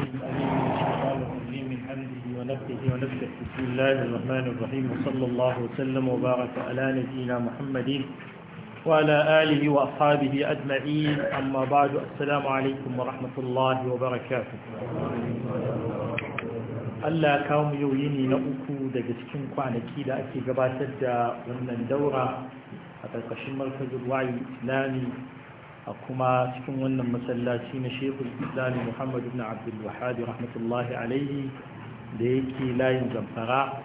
السميع العليم من الشيطان الرجيم من حمده ونفسه ونفسه بسم الله الرحمن الرحيم وصلى الله وسلم وبارك على نبينا محمد وعلى آله وأصحابه أجمعين أما بعد السلام عليكم ورحمة الله وبركاته Allah kawo mu yau yini na uku daga cikin kwanaki da ake gabatar da wannan daura a ƙarƙashin markazin wayo islami a kuma cikin wannan masallaci na shekul islami muhammadu na abdullahi rahmatullahi alaihi da yake layin zamfara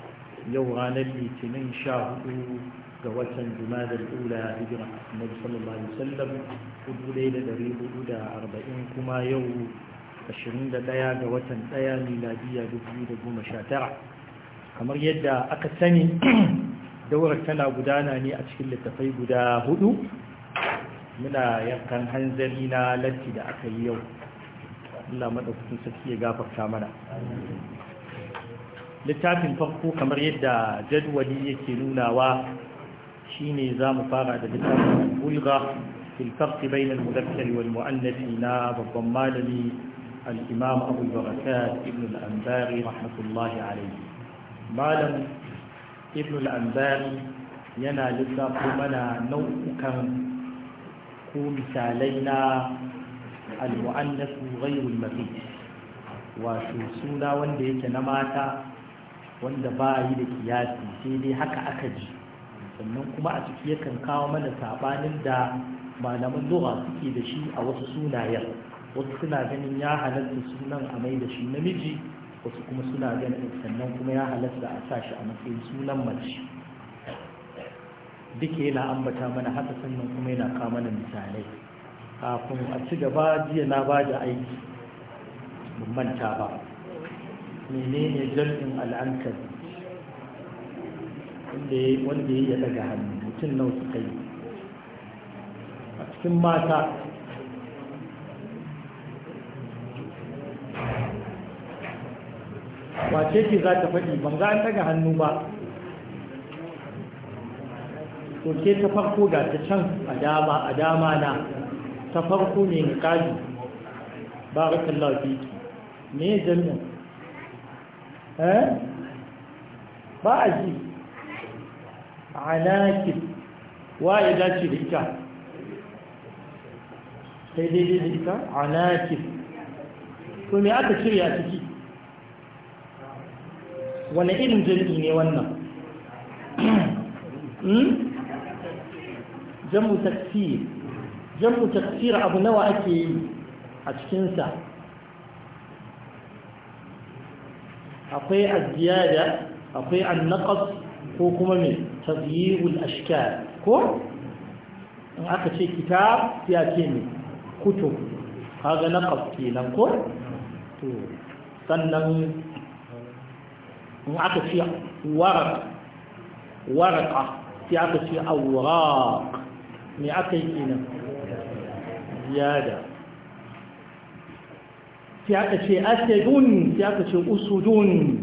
yau ranar litinin sha hudu ga watan jumadar ula hijira na sallallahu alaihi wasallam hudu ɗaya da ɗari hudu da arba'in kuma yau ashirin da ɗaya ga watan ɗaya miladiya dubu da goma sha tara kamar yadda aka sani daurar tana gudana ne a cikin littafai guda hudu muna yankan hanzari na latti da aka yi yau Allah maɗaukakin sarki ya gafarta mana littafin farko kamar yadda jadwali yake nunawa shine za mu fara da littafin bulga fil farqi bayna al-mudakkar wal mu'annath na babban malami al-imam Abu Barakat ibn al-Anbari rahmatullahi alayhi malam ibn al-Anbari yana littafin mana nau'ukan ko misalai na al-mu'annasu ghayrul mafid wato suna wanda yake na mata wanda ba yi da kiyasi sai dai haka aka ji sannan kuma a ciki yakan kawo mana sabanin da malaman lugha suke da shi a wasu sunayen wasu suna ganin ya halatta sunan a mai da shi namiji wasu kuma suna ganin sannan kuma ya halatta a sa shi a matsayin sunan mace Duk yana ambata mana haka sannan kuma yana na misalai kafin a ci gaba jiya na ba da aiki manta ba menene jal'in al'ankar wanda ya daga hannu mutum nau suka yi a cikin mata wace ce za ta faɗi ban ga an daga hannu ba to ke ta farko da ta can a dama a dama na ta farko ne ga kaji barakallahu fiki me jami'in eh ba a ji anaki wa ya dace da ita sai daidai da ita anaki to me aka shirya ciki wani irin jami'i ne wannan hmm? jam'u taksir jam'u taksir abu nawa ake yi a cikinsa akwai aziyada akwai annaqas ko kuma mai tazyirul ashkar ko in aka ce kitab ya ce ne kutub kaga naqas kenan ko to sannan in aka ce waraq waraqa sai aka ce awraq me aka yi kenan ziyada sai aka ce asadun sai aka ce usudun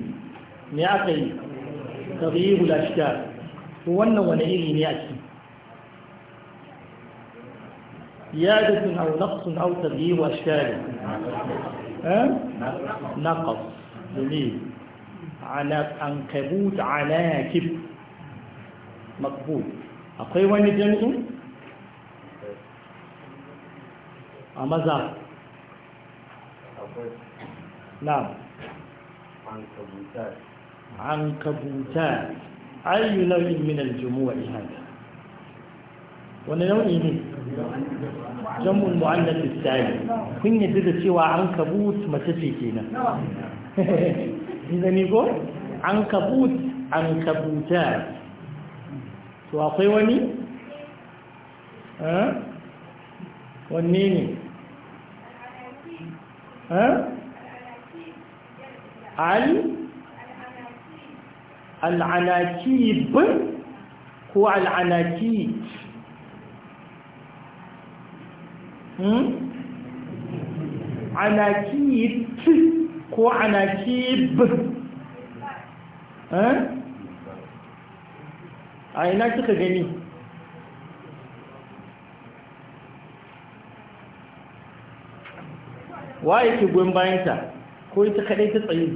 me aka yi tabi'ul ashkar wannan wani iri ne a ciki زيادة أو Na أو تغيير أشكال نقص جميل على kif. عناكب akwai wani جمع a maza na an kabuta ayu nau'in min aljumu'a ihada wani nau'i ne jamun mu'annas istali kun yadda da cewa an kabut mace ce kenan ni zani ko an kabut an kabuta to akwai wani eh? wanne ne al'anakib ko al'anakib hmm? anakib ko anakib a ina kika gani waye ke goyon bayanta ko ita kadai ta tsaye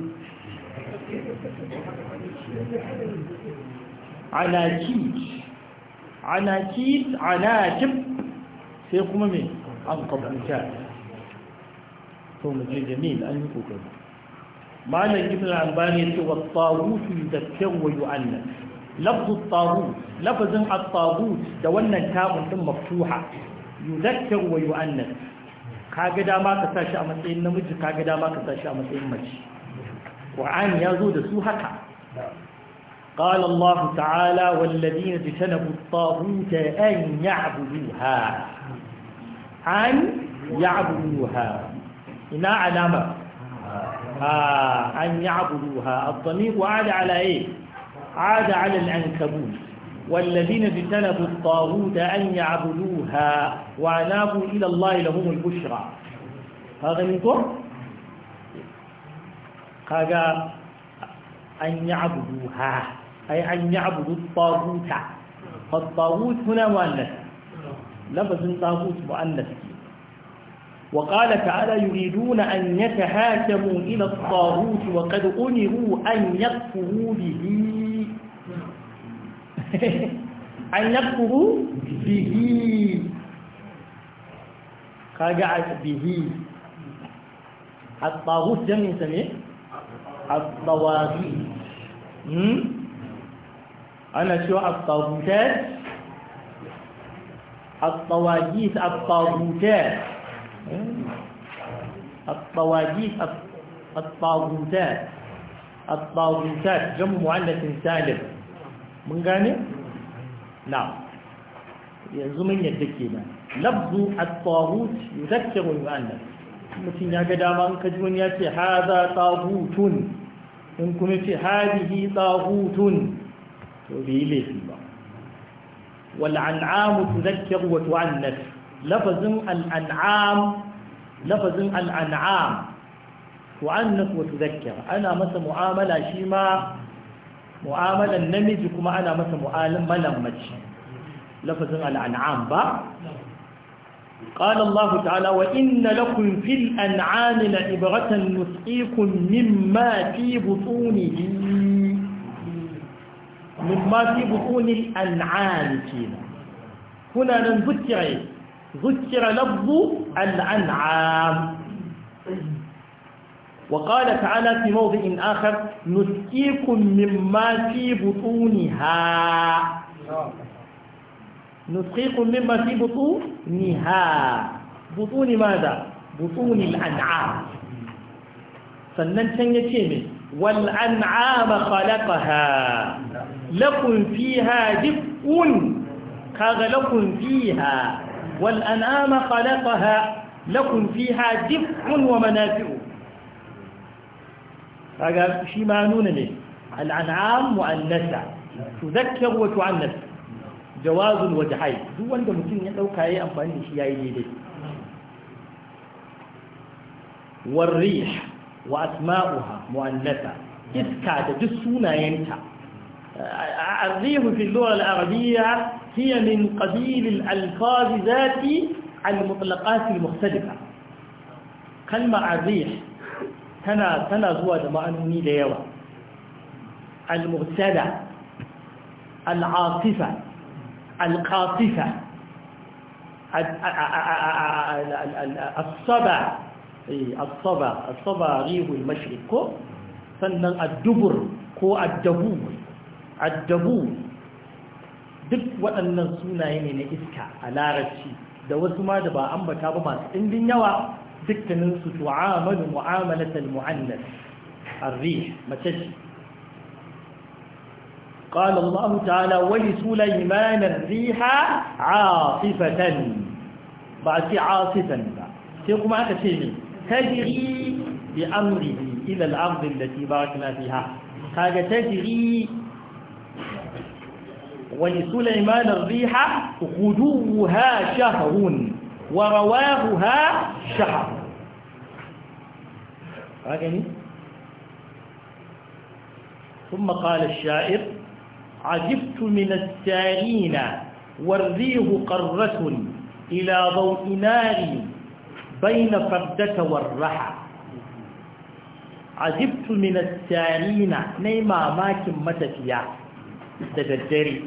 anakit anakit sai kuma mai an kwamfuta to mu jami'in an yi kokari malam ibn al-albani ce wa tawut yudakkar lafazin at da wannan tabun din maftuha yudakkar wa annan. dama ka a matsayin namiji dama ka a matsayin mace qur'ani ya zo da su haka قال الله تعالى والذين اجتنبوا الطاغوت أن يعبدوها أن يعبدوها إنا علامة آه. أن يعبدوها الضمير عاد على إيه عاد على العنكبوت والذين اجتنبوا الطاغوت أن يعبدوها وأنابوا إلى الله لهم البشرى هذا منكم قال أن يعبدوها أي أن يعبدوا الطاغوت فالطاغوت هنا مؤنث لفظ الطاغوت مؤنث وقال تعالى يريدون أن يتهاكموا إلى الطاغوت وقد أمروا أن يكفروا به an yakuru bihi kaga bihi الطاغوت جمع سميه الطواغيت أنا شو الطاغوتات الطواغيت الطاغوتات الطواغيت الطاغوتات الطاغوتات جمع مؤنث سالم mun gane na yanzu mun yadda kenan lafzu at-taghut yuzakkiru al-mu'annas mutum ya ga dama in kaji wani ya ce haza taghutun in kuma ce hadihi taghutun to bai laifi ba wal su tuzakkiru wa tu'annas lafazin al-an'am lafazin al-an'am tu'annas wa ana masa mu'amala shi ma mu'amalan namiji kuma ana masa mu'amalan mace lafazin al'an'am ba قال الله تعالى وإن لكم في الأنعام لإبرة نسقيكم مما في بطونه مما في بطون الأنعام كينا هنا نذكر ذكر لفظ الأنعام وقال تعالى في موضع آخر نسقيكم مما في بطونها نسقيكم مما في بطونها بطون ماذا؟ بطون الأنعام فننشن يتيمي والأنعام خلقها لكم فيها دفء كاغ لكم فيها والأنعام خلقها لكم فيها دفء ومنافع هذا شيء معنون منه العنعام مؤنثة تذكر وتعنس جواز وجحي هو أنت ممكن يتوقع أي أنفان لشياء جديد والريح وأسماؤها مؤنسة إذكا تجسونا ينتع الريح في اللغة العربية هي من قبيل الألفاظ ذاتي المطلقات المختلفة كلمة الريح tana tana zuwa da ma'anoni da yawa al-mubtada al-asifa al-qasifa saba saba saba mashriq ko sannan ad-dubur ko ad-dabu ad-dabu duk waɗannan sunaye ne na iska a larabci da wasu ma da ba ambata ba masu ɗimbin yawa dukkanin su تعامل معاملة mu'annas الريح ما تجي قال الله تعالى ولسليمان الريح عاصفة بعد عاصفة سيقوم على تشيني تجري بأمره إلى الأرض التي باركنا فيها حاجة تجري ولسليمان الريح غدوها شهر ورواهها شهر هكذا ثم قال الشاعر عجبت من السارين والريه قرة إلى ضوء نار بين فردة والرحى عجبت من السارين نيما ماكن متفيا تددري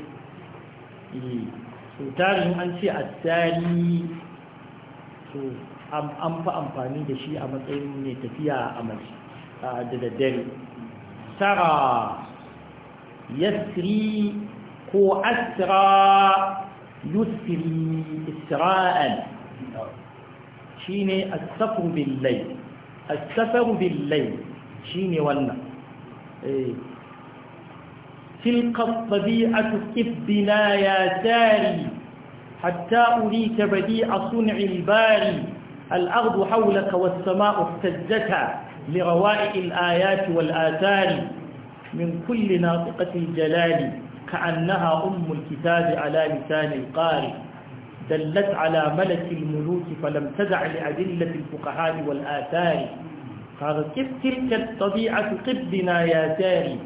سوتاري أنشي إيه. الساري so an fi amfani da shi a matsayin mai tafiya a mace da daddare tara yasri ko asra yusri isra'an shi ne asafar billai shi ne wannan eh. tilkan tabi'atu ya tari حتى أريك بديع صنع الباري الأرض حولك والسماء اهتزتا لروائع الآيات والآثار من كل ناطقة الجلال كأنها أم الكتاب على لسان القارئ دلت على ملك الملوك فلم تدع لأدلة الفقهاء والآثار قال كيف تلك الطبيعة قبلنا يا تاري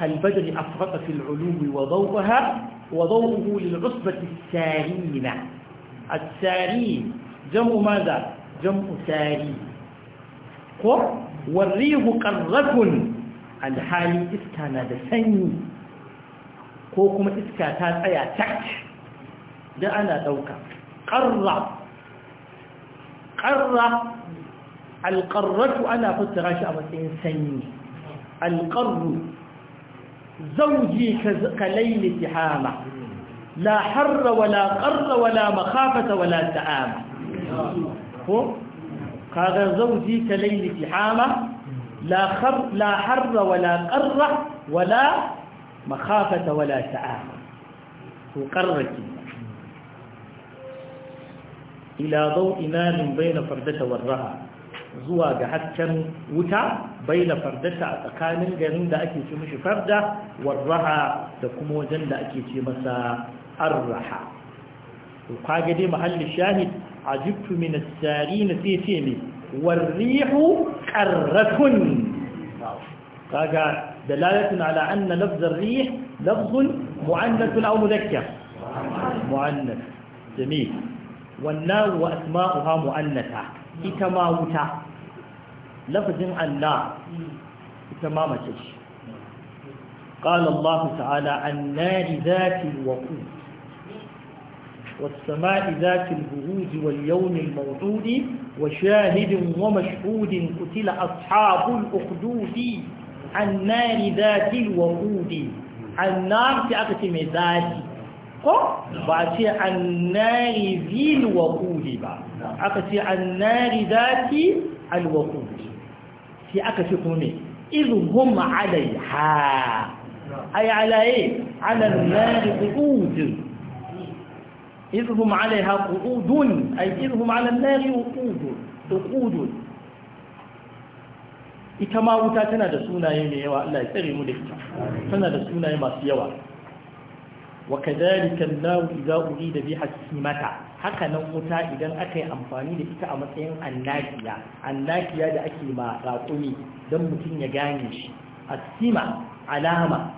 كالبدر أفرط في العلو وضوءها وضوءه للعصبة السارينة السارين جمع ماذا؟ جمع ساري والريه قرة الحالي إسكا نادى سني كوكما إسكا تاتايا تك ده أنا دوكا قرة قرة القرة أنا راشا شعبة سني القر زوجي كليل تحامة لا حر ولا قر ولا مخافة ولا تعامة قال زوجي كليل تحامة لا, خر لا حر ولا قر ولا مخافة ولا تعامة وقرك إلى ضوء نار بين فردة والرهى zuwa ga hasken wuta baina fardata a tsakanin garin da ake ce mishi farda warraha da kuma wajen da ake ce masa arraha to kage dai mahallin shahid ajibtu min as-sarin sai ce ne warrihu qarratun kaga dalalatun ala anna lafz ar-rih lafz mu'annath aw mudhakkar mu'annath wannan والنار وأسماؤها مؤنثة ita ma wuta lafazin Allah ita ma mace ce قال الله تعالى النار ذات الوقود والسماء ذات البروج واليوم الموعود وشاهد ومشهود قتل أصحاب الأخدود النار ذات الوقود النار تأقسم ذاتي قو بعد النار ذي الوقود بعد aka ce annari zati alwaqud sai aka ce kuma me izhum alaiha ay alaye ala annari qud izhum alaiha qudun ay izhum ala annari qudun qudun ita ma wuta tana da sunaye mai yawa Allah ya tsare mu da ita tana da sunaye masu yawa وكذلك النار إذا أريد بها السمة haka nan wuta idan aka yi amfani da ita a matsayin annakiya annakiya da ake ma raƙumi don mutum ya gane shi asima alama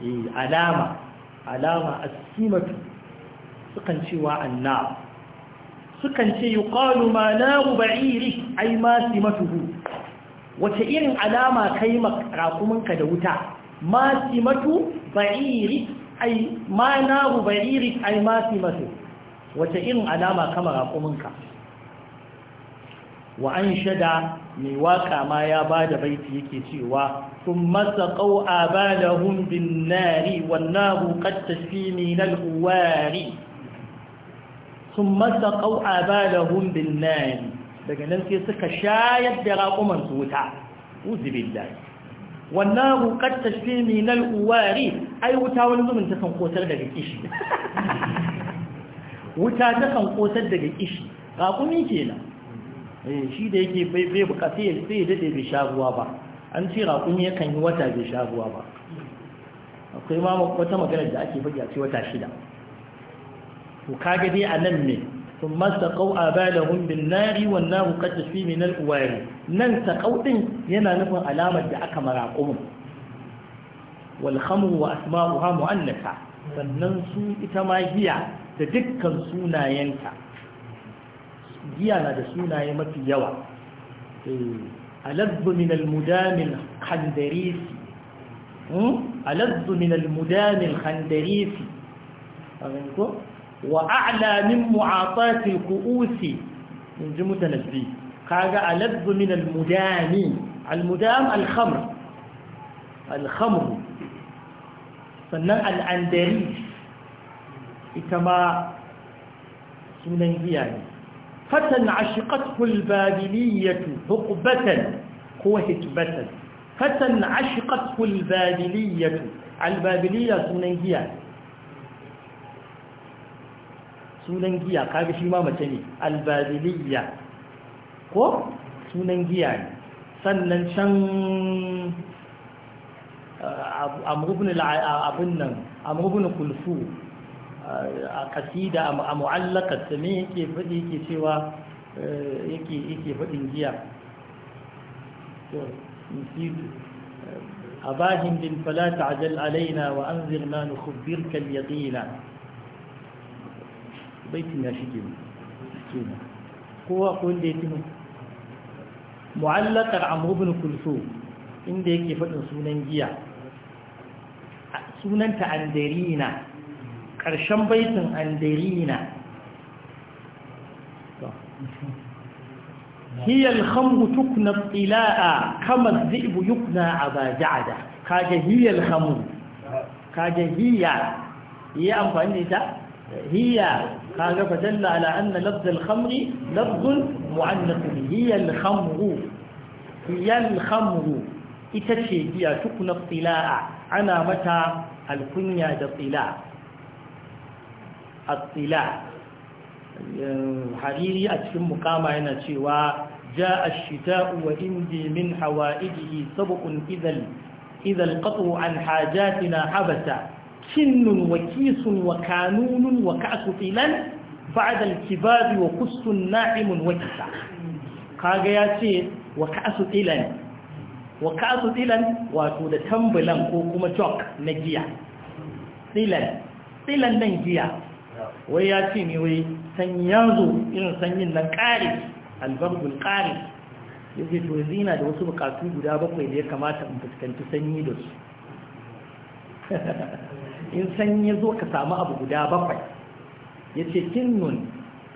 eh alama alama asimatu sukan cewa annar sukan ce yuqalu ma naru ba'iri ay ma simatuhu wace irin alama kai ma raƙuminka da wuta ma simatu ba'iri ai ma na rubairik ai ma fi masu wace irin alama kama raƙuminka wa an shada mai waƙa ma ya ba da baiti yake cewa sun masa ƙau'a ba da hundin nari wannan sun masa ƙau'a ba da hundin nari daga nan sai suka shayar da raƙumansu wuta uzu والنار قد تشفي من الأواري أي وتاول زمن تكن قوتر دقى إشي وتا تكن daga kishi. إشي راقمي كينا shi da yake bai bukatu ya sai dade bai sha ruwa ba an ce raƙumi yakan yi wata bai sha ruwa ba akwai ma wata maganar da ake faɗi a wata shida to kaga dai a nan sun masa ƙau'a ba da hundun nari wannan hukata min al'uwari nan ta ƙauɗin yana nufin alamar da aka maraƙo mu walhamun wa asma'u ha mu'annata sannan su ita ma giya da dukkan sunayenta giya na da sunaye mafi yawa alabdu min almudamin kandarisi وأعلى من معاطاة الكؤوس من جمود نجدي قال ألذ من المدام المدام الخمر الخمر فنن الأندريس إتما فتن عشقته البابلية ثقبة هقبة فتن عشقته البابلية البابلية سننجياني sunan giya kaga shi ma mace ne albabiliya ko sunan giya ne sannan can uh, abin uh, nan amurubin kulfu uh, a kasida a mu'allakar me yake faɗi yake cewa yake faɗin giya أباهم فلا تعجل علينا وأنذر ما نخبرك yaƙina baitin ya shige mu kowa ko mu'allaqar ibn inda yake faɗin sunan giya sunanta anderina ƙarshen baitin anderina هي الخمر تكنى الطلاء كما الذئب يكنى أبا جعدة كاجة هي الخمر كاجة هي هي أنفعني ذا هي قال فدل على أن لفظ الخمر لفظ معنق هي الخمر هي الخمر إتشي هي تكون الطلاع أنا متى الكنيا دطلاع الطلاع حريري أتشم مقامة هنا شوى جاء الشتاء وإندي من حوائجه سبق إذا إذا القطع عن حاجاتنا حبسا كن وكيس وكانون وكأس طلا بعد الكباب وكس ناعم وكسا وكسع كاغياتي وكأس طلا وكأس طلا واتود تنبلا كوكما جوك نجيا طلا طلا نجيا وياتي نوي سنيازو إن سنين نقارب البرد القارب yake to zina da wasu bukatu guda bakwai da ya kamata in fuskanci sanyi da su in san ya zo ka samu abu guda bakwai ya ce kinnun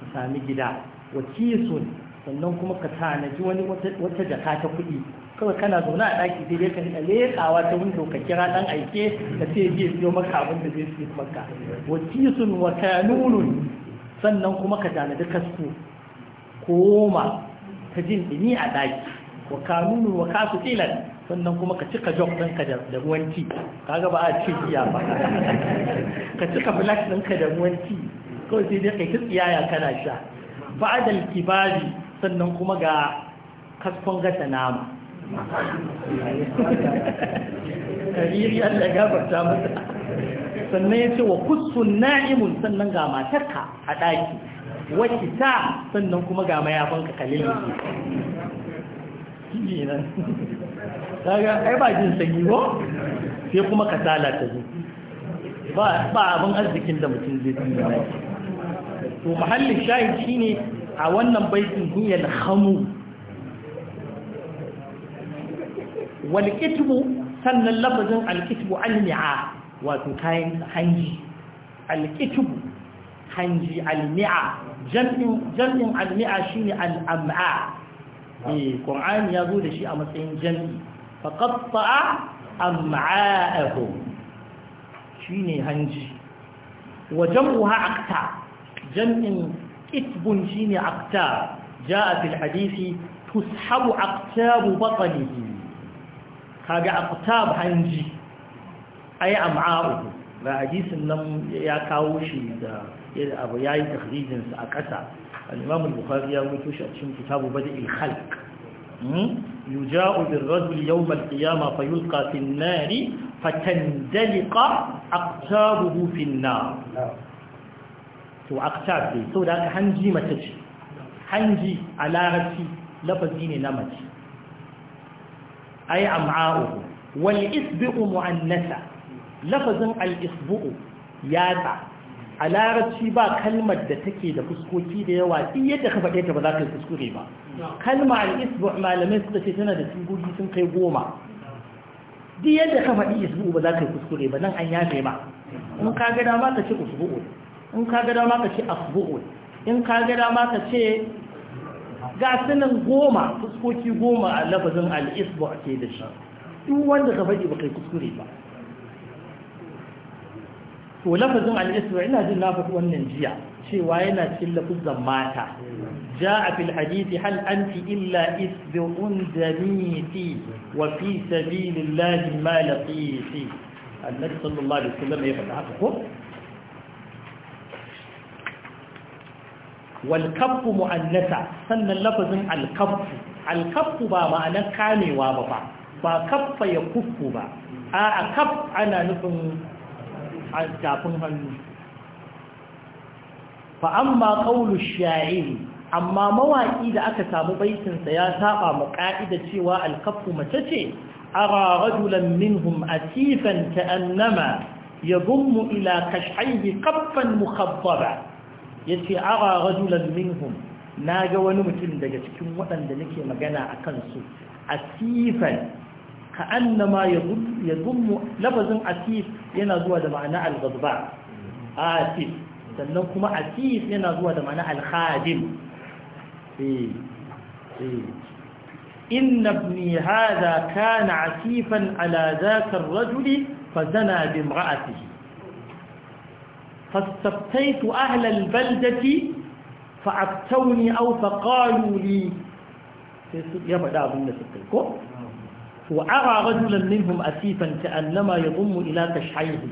ka sami gida wa kisun sannan kuma ka tanaji wani wata jaka ta kuɗi kawai kana zaune a ɗaki sai dai ka nika leƙawa ta windo ka kira ɗan aike ka ce zai siyo maka abin da zai siyo maka wa kisun wa kanunun sannan kuma ka tanaji kasko koma ta jin ɗini a ɗaki wa kanunun wa kasu tilan sannan kuma ka cika jog ɗinka da ruwan ti kaga ba a ce iya ba ka cika black ɗinka da ruwan kawai sai dai kai ta tsiyaya kana sha ba'adal kibari sannan kuma ga kaskon gata nama sannan ya ce wa kusur na'imun sannan ga matarka a ɗaki wacce ta sannan kuma ga mayafanka kalilin ne kaga ai ba jin sanyi ko sai kuma kasala ta zo ba abin arzikin da mutum zai tsira ne to mahallin shahid shine a wannan baitin hiyal hamu wal kitbu sannan lafazin al kitbu al ni'a wato kayan hanji al kitbu hanji al ni'a jam'in jam'in al ni'a shine al am'a eh qur'ani ya zo da shi a matsayin jam'i faƙaɓa am'a'ahu shi ne hanji wajen wuha akta jam'in ƙitbun shine akta ja a fil hadisi tushabu aktabu batsanihi kaga aktab hanji ai am'a'ahu ga hadisin nan ya kawo shi da abu ya yi tafrijinsa a ƙasa al'imamun bukari ya mutu shi a cikin kitabu bada ilhalk يجاء بالرجل يوم القيامة فيلقى في النار فتندلق أقتابه في النار نعم. تو أقتاب دي تو داك حنجي متج حنجي على غسي لفزيني نمج أي أمعاؤه والإسبق معنسة لفظ الإسبق يابع a larabci ba kalmar da take da fuskoki da yawa in yadda ka faɗe ta ba za ka yi kuskure ba Kalmar al malamai suka ce tana da sigogi sun kai goma duk yadda ka faɗi isbu ba za ka yi kuskure ba nan an yafe ba in ka gada ma ka ce usbu'u in ka gada ma ka ce asbu'u in ka gada ma ka ce ga sunan goma fuskoki goma a lafazin al'isbu ke da shi duk wanda ka faɗi ba kai kuskure ba to lafazin al'isra ina jin na faɗi wannan jiya cewa yana cin lafuzan mata ja a fil hadithi hal an fi illa isbi'un jami'i wa fi sabi lillahi ma laqisi annabi sallallahu alaihi wasallam ya faɗa haka ko wal kaffu mu'annasa sannan lafazin alkafu. kaffu ba ma'anar kamewa ba ba kaffa ya ba A'a kaf ana nufin a tafin hannu fa amma qawlu sha'iri amma mawaki da aka samu baikinsa ya saba mu ka'ida cewa al-kaffu mace ce ara rajulan minhum atifan ka'annama yadhum ila kashayhi qaffan mukhabbara yace ara rajulan minhum naga wani mutum daga cikin waɗanda nake magana akan su atifan كأنما يضم لفظ عسيف ينظر لمعنى الغضباء عسيف آه، سننكم عسيف ينظر لمعنى الخادم إيه، إيه. إن ابني هذا كان عسيفا على ذاك الرجل فزنى بامرأته فاستبتيت أهل البلدة فأبتوني أو فقالوا لي يبدأ بالنسبة لكم وأرى رجلا منهم أسيفا كأنما يضم إلى تشحيه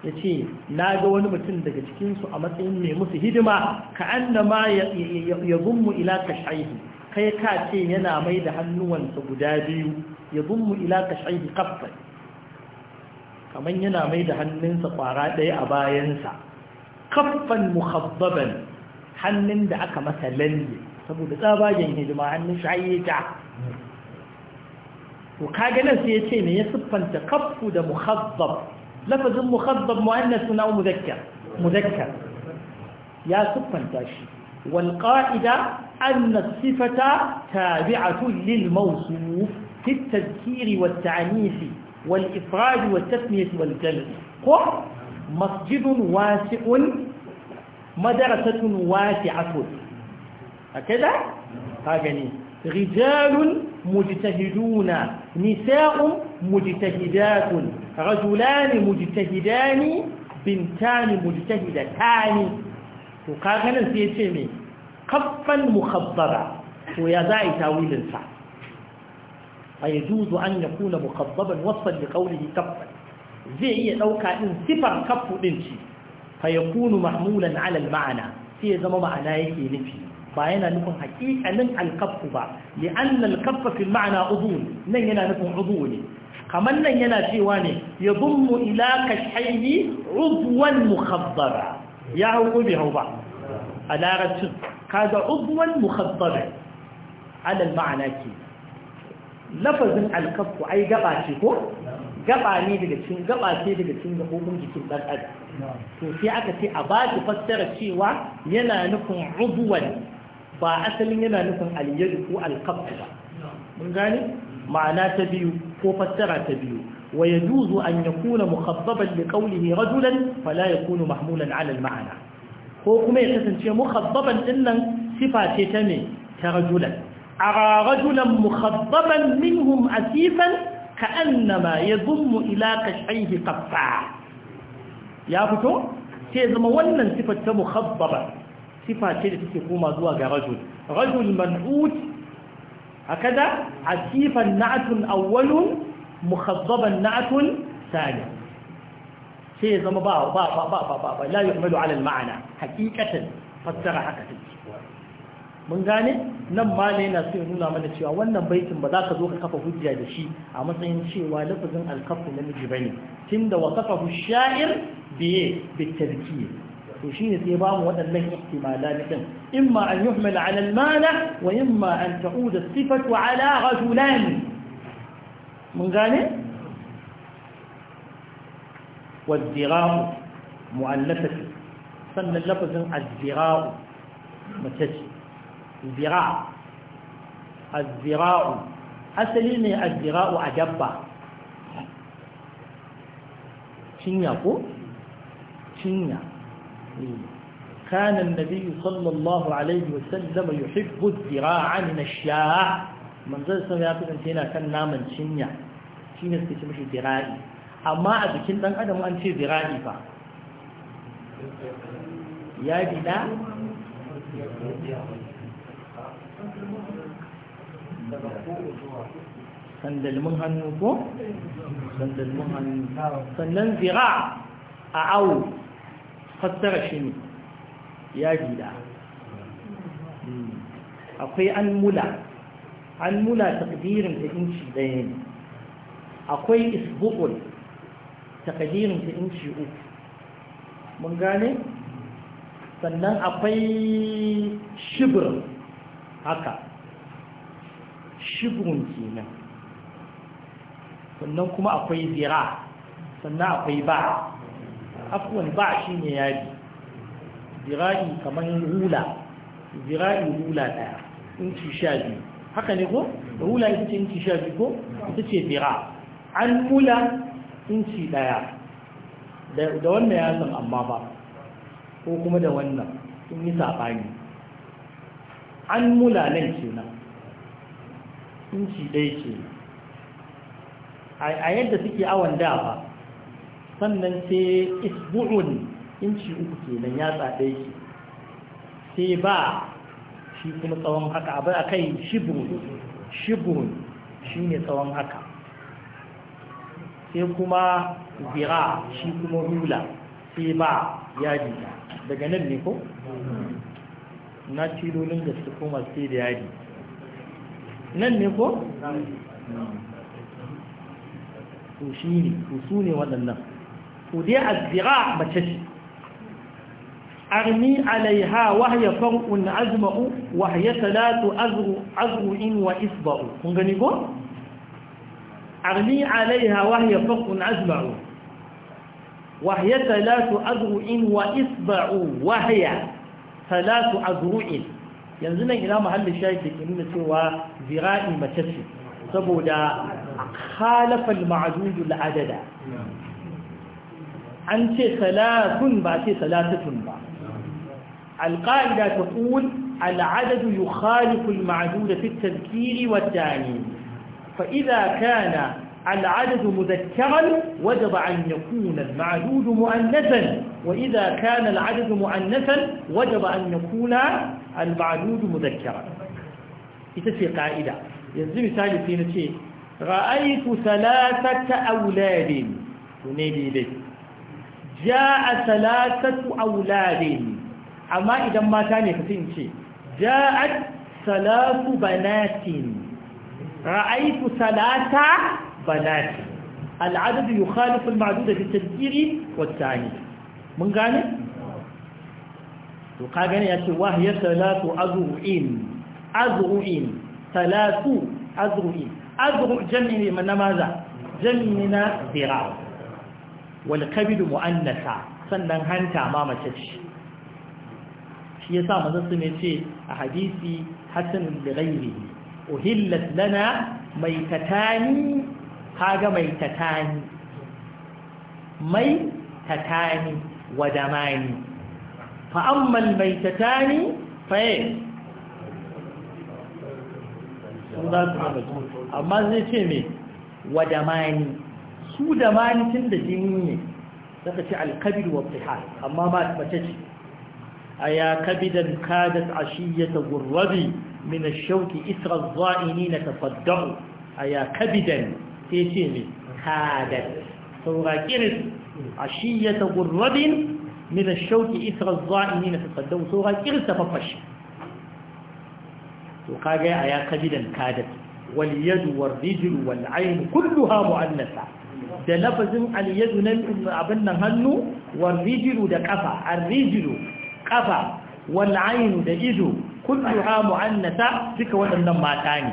yace na ga wani mutum daga cikinsu a matsayin mai musu hidima ka annama ya ila tashaihi kai ka ce yana mai da hannuwansa guda biyu ya ila tashaihi kafai kamar yana mai da hannunsa kwara ɗaya a bayansa kaffan muhabbaban hannun da aka masa lalle saboda tsabagen hidima hannun shayi to kaga nan sai yace ne ya siffanta kaffu da mukhaddab lafazin mukhaddab muannas na muzakkar muzakkar ya siffanta shi wal qa'ida أن الصفة تابعة للموصوف في التذكير والتعنيف والإفراد والتسمية والجلد قر مسجد واسع مدرسة واسعة هكذا هكذا رجال مجتهدون نساء مجتهدات رجلان مجتهدان بنتان مجتهدتان وقاغنا سيتي مي قفا مخضبا ويا داعي تاويل الفعل فيجوز أن يكون مخضبا وصفا لقوله كفا زي لوكا إن سفر كف دنشي فيكون محمولا على المعنى سيزم معناه يكي نفيه ba yana nufin haƙiƙanin alkaffu ba li'anna alkaffa fil ma'ana udhu nan yana nufin udhu ne kamar nan yana cewa ne ya yadummu ila kashayni udwan mukhabbara ya hau bi hau ba a larabcin kaga udwan mukhabbara alal ma'ana ke lafazin alkaffu ai gaba ce ko gaba ne daga cikin gaba ce daga gabobin jikin dan adam to sai aka ce a ba shi fassara cewa yana nufin udwan ba asalin yana nufin aliyadu ko alkaftu ba mun gane ma'ana ta biyu ko fassara ta biyu wa duzu an yakuna mukhaffaban ya qawlihi rajulan fala ya mahmulan ala al-ma'ana ko kuma ya kasance mukhaffaban ɗinnan sifa ce ta me ta rajulan ara rajulan mukhaffaban minhum asifan ka'annama yadhummu ila kashayhi qaffa ya fito sai zama wannan sifar ta mukhaffaba sifa ce da take koma zuwa ga rajul rajul man'ut akada asifan na'atun awwalun mukhazzaban na'atun sani sai ya zama ba ba ba ba ba ba la yuhmalu ala al-ma'ana haqiqatan fassara haka take mun gane nan ma ne yana so ya nuna mana cewa wannan baitin ba za ka zo ka kafa hujja da shi a matsayin cewa lafazin alkafu namiji bane tunda wa kafahu sha'ir biye bitarkiye فشيه تيبام وأنه احتمالان كم إما أن يحمل على المال وإما أن تعود الصفة على رجلان من قال والزراء مؤلفة سمى اللفظ الزراء متج الزراء الزراء أسليني الزراء أجبا شنيا شنيا كان النبي صلى الله عليه وسلم يحب الذراع من الشاع من زي سمي يا تينا كان نام شنيا شنيا سكي مشي ذراعي أما أبكين دان أدم أن ذراعي فا يا بنا sandalmin hannu ko? sandalmin hannu sannan ذراع أعوذ fassara shi ne ya gida hmm. akwai an mula takdirin ta inci ɗaya ne akwai isbukul takdirin ta inci uku mun gane sannan akwai shibir haka shibirin kenan sannan kuma akwai zira sannan akwai ba afwan ba shi ne yadi zira'i kamar hula. zira'i hula daya inci sha biyu haka ne ko hula ita ce inci sha biyu ko ita ce zira an hula inci daya da wannan ya san amma ba ko kuma da wannan sun yi saɓani an mula nan kenan inci ɗaya kenan a yadda suke awon da ba sannan sai isbu'un inci uku kenan ya tsada ke sai ba shi kuma tsawon haka abin a kai shibun shibun shi ne tsawon haka sai kuma zira shi kuma rula sai ba yadi daga nan ne ko? na tilolin da su kuma sai da yadi nan ne ko? to shi ne to su ne waɗannan ودي الزغاع بتشي أرمي عليها وهي فرء أزمع وهي ثلاث أزغ أزغ وإصبع هنغنيكو أرمي عليها وهي فرء أزمع وهي ثلاث إن وإصبع وهي ثلاث إن ينزلنا إلى محل الشاهد لكنين سوى زغاء متشي سبو دا خالف المعدود العدد an ce salatun ba ce salatun ba alƙa'ida ta ƙul al'adadu yi khalifin ma'adu da fitar kiri wadda ne fa’iza kana al'adadu mu zakkarar wadda ba an yi kunan ma'adu da mu'annasan wa’iza kana al'adadu mu'annasan wadda ba an yi kunan al'adu da mu zakkarar ita ce ƙa’ida yanzu misali sai na ce ra’ayi ku salatatta a wulayen ne ja'a salasatu auladin amma idan mata ne ka ce ja'at salatu banatin ra'aytu salata banatin al'adad yukhalifu al-ma'dud fi at-tadhkiri wat-ta'nif mun gane to ka gane yace wa hiya salatu azru'in azru'in salatu azru'in azru' jam'i ne na maza jam'i na zira' wal kabidu mu'annasa sannan hanta ma mace ce shi yasa manzon ne ce a hadisi hasan li ghairi uhillat lana maitatani kaga maitatani mai tatani wa damani fa amma al maitatani za su amma zai ce me wa damani su da manitin da jini ne suka ce alkabir wa tihar amma ba mace ce a ya kabidan kadat ashiyata gurrabi min shauki isra za'ini na tafaddau a ya kabidan sai ce ne kadat saura kiris ta gurrabin min shauki isra za'ini na tafaddau saura kiris ta fafashi to kaga a ya kabidan kadat واليد والرجل والعين كلها مؤنثة da lafazin aliyadu na abin nan hannu warrijilu da kafa arrijilu kafa wal'ainu da ido kulluha mu'annata duka waɗannan mata ne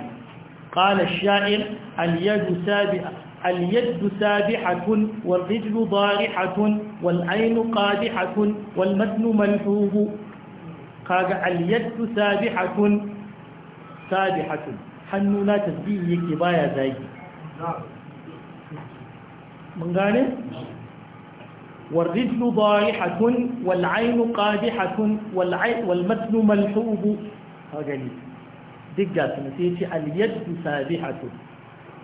qala ash-sha'ir al-yadu hatun al bari hatun wal-rijlu hatun walmadnu malhuhu kaga al hatun sabihatun sabihatun hannu na tasbihi yake baya zagi mun gane والرجل ضائحة والعين قادحة والمتن ملحوب هاجلي دقة سنسيتي اليد سابحة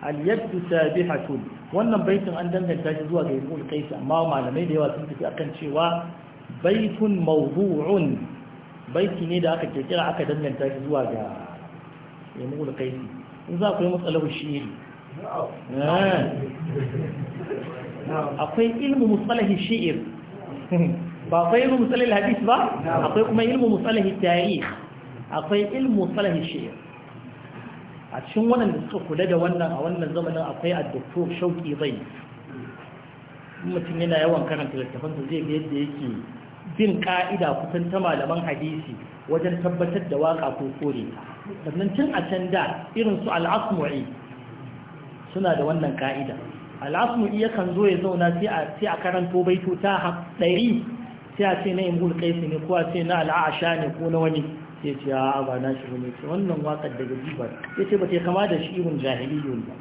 اليد سابحة wannan baitin an danganta shi zuwa ga ibn qais amma malamai da yawa sun tafi akan cewa baitun mawdu'un baiti ne da aka kirkira aka danganta shi zuwa ga ibn qais in za ku yi akwai ilmu musalahi shi'ir ba akwai ilmu musalahi hadis ba akwai kuma ilmu musalahi tarikh akwai ilmu musalahi shi'ir a cikin da suka kula da wannan a wannan zamanin akwai addu'o shauki zai mutum yana yawan karanta littafansa zai ga yadda yake bin ka'ida kusan ta malaman hadisi wajen tabbatar da waka ko kore sannan tun a can da irin su al'asmu'i suna da wannan ka'ida iya kan zo ya zauna sai a karanto baito ta ɗari sai a ce na imhul kaisi ne ko a ce na al'asha ne ko na wani sai ce a ba na shi ne ce wannan wakar daga jibar ya ce ba ta kama da shi irin jahiliyun ba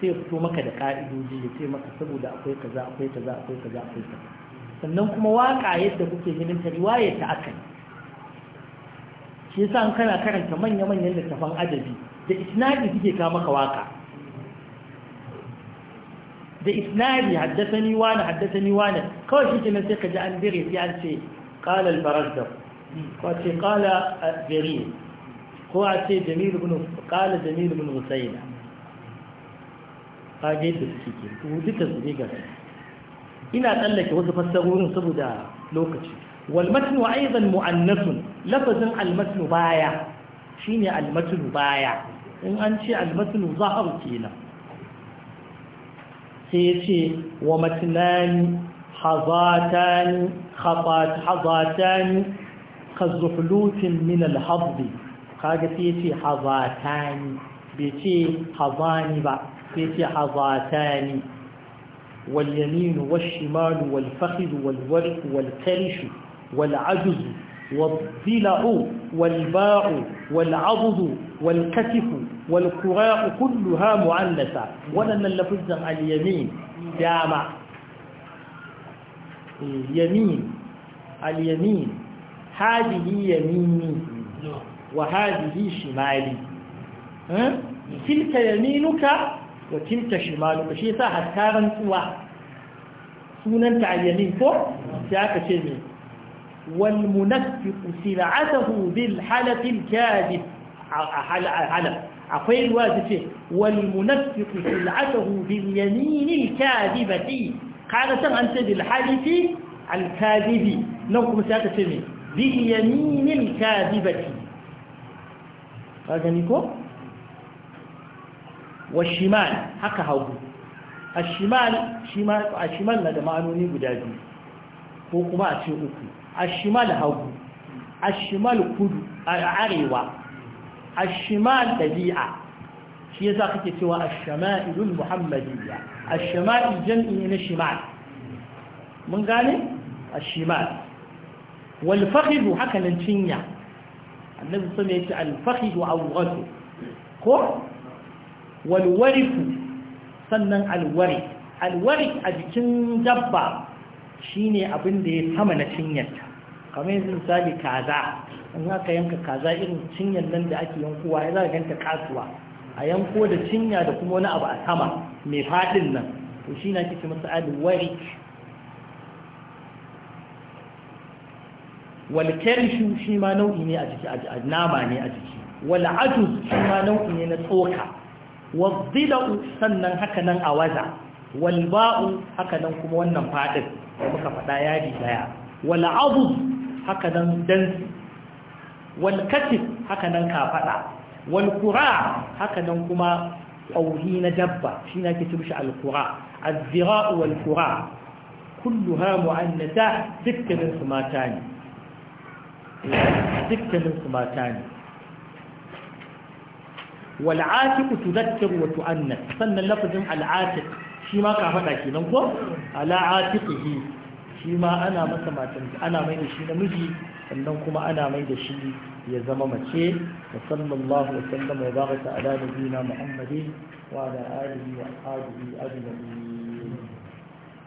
sai ya fito maka da ka'idoji ya ce maka saboda akwai kaza akwai kaza akwai kaza akwai kaza sannan kuma waka yadda kuke ganin ta riwaya ta akai shi yasa an kana karanta manya-manyan littafan adabi da isnadi suke kawo maka waka da isnadi haddasani wani haddasani wani kawai shi kenan sai ka ji an dire sai an ce qala al-barazda ko ce qala jarir ko a ce jamil ibn qala jamil ibn husayna kage da suke to duka su ne ga ina tsallake wasu fassarorin saboda lokaci wal matnu aidan mu'annasun lafazin al matnu baya shine al matnu baya in an ce al matnu zahar kenan sai ce wa matinani hazatani ka kazuhlutin min alhabbi kaga sai ce hazatani bai ce hazani ba sai ce hazatani wal yaminu wal shimalu wal fakhidhu wal warq wal karish wal والضلع والباع والعضد والكتف والقراء كلها معنثة ولن اللفظ اليمين جامع اليمين اليمين هذه يميني وهذه شمالي تلك يمينك وتلك شمالك شيء ساحة كارن سوى انت على اليمين فوق ساكة شمالي والمنفق سلعته بالحلف الكاذب حلف عقيل واجب والمنفق سلعته باليمين الكاذبة قال أنت بالحلف الكاذب نوكم ساتسمي باليمين الكاذبة فاجنكم والشمال حقا هوب الشمال الشمال الشمال هذا معنوني بداجي ko kuma a ashimal hagu ashimal kudu arewa ashimal dabi'a shi yasa kake cewa ashama'ilul muhammadiyya ashama'il jam'i na shimal mun gane ashimal wal fakhidhu haka nan cinya annabi sun yace al fakhidhu awghatu ko wal warifu sannan al warif a jikin dabba shine abinda ya sama na cinyarta kamar yanzu misali kaza in ka yanka kaza irin cinyar nan da ake yankowa ya za ka ganta kasuwa a yanko da cinya da kuma wani abu a sama mai faɗin nan to shi na kike masa wari. walkarishu shi ma nau'i ne a jiki nama ne a jiki wal'ajus shi ma nau'i ne na tsoka wazzila'u sannan haka nan a waza walba'u haka nan kuma wannan faɗin da muka faɗa yadi daya wal'abuz haka nan dansi walkatif haka nan kafaɗa walkura haka nan kuma ƙauri na dabba shi na ke turshi alkura azzira'u walkura kullu ha mu'annata dukkanin su mata ne dukkanin su mata ne wal'atiku tuzakkar wa tu'annas sannan lafazin al'atik shi ma kafaɗa nan ko ala'atikihi shi ma ana masa matan ana mai da shi namiji sannan kuma ana mai da shi ya zama mace wa sallallahu wa sallam wa baraka ala nabiyina muhammadin wa ala alihi wa ashabihi ajma'in